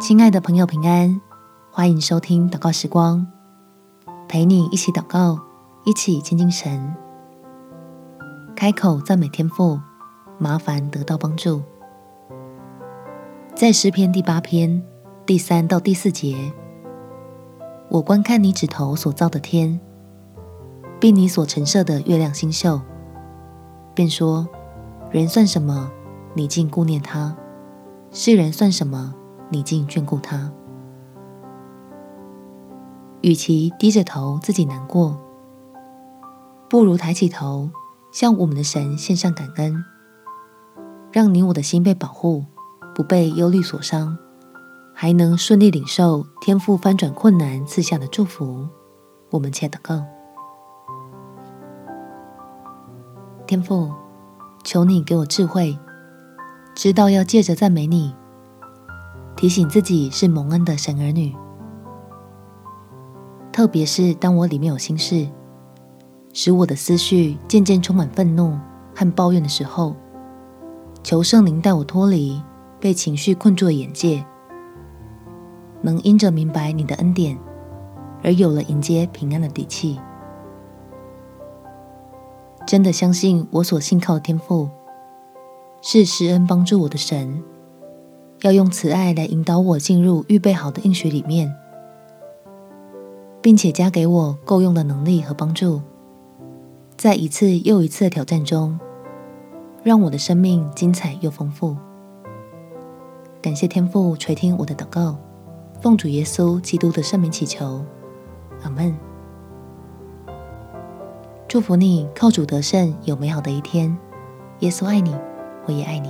親愛的朋友，平安，歡迎收聽禱告時光，陪你一起禱告，一起親近神。開口讚美天父，麻煩得到幫助。在詩篇第八篇第三到第四節，我觀看你指頭所造的天，並你所陳設的月亮星宿，便說：人算什麼？你竟顧念他？世人算什麼？你竟眷顧他。與其低着頭自己難過，不如抬起頭，向我們的神獻上感恩，讓你我的心被保護，不被憂慮所傷，還能順利領受天父翻轉困難賜下的祝福。我們一起禱告。天父，求你給我智慧，知道要借着讚美你。提醒自己是蒙恩的神兒女，特別是當我裡面有心事，使我的思緒漸漸充滿憤怒和抱怨的時候，求聖靈帶我脫離被情緒困住的眼界，能因着明白你的恩典而有了迎接平安的底氣。真的相信我所信靠的天父，是施恩幫助我的神。要用慈愛來引導我進入預備好的應許裡面，並且加給我夠用的能力和幫助，在一次又一次的挑戰中，讓我的生命精彩又豐富。感謝天父垂聽我的禱告，奉主耶穌基督的聖名祈求，阿門。祝福你靠主得勝，有美好的一天。耶穌愛你，我也愛你。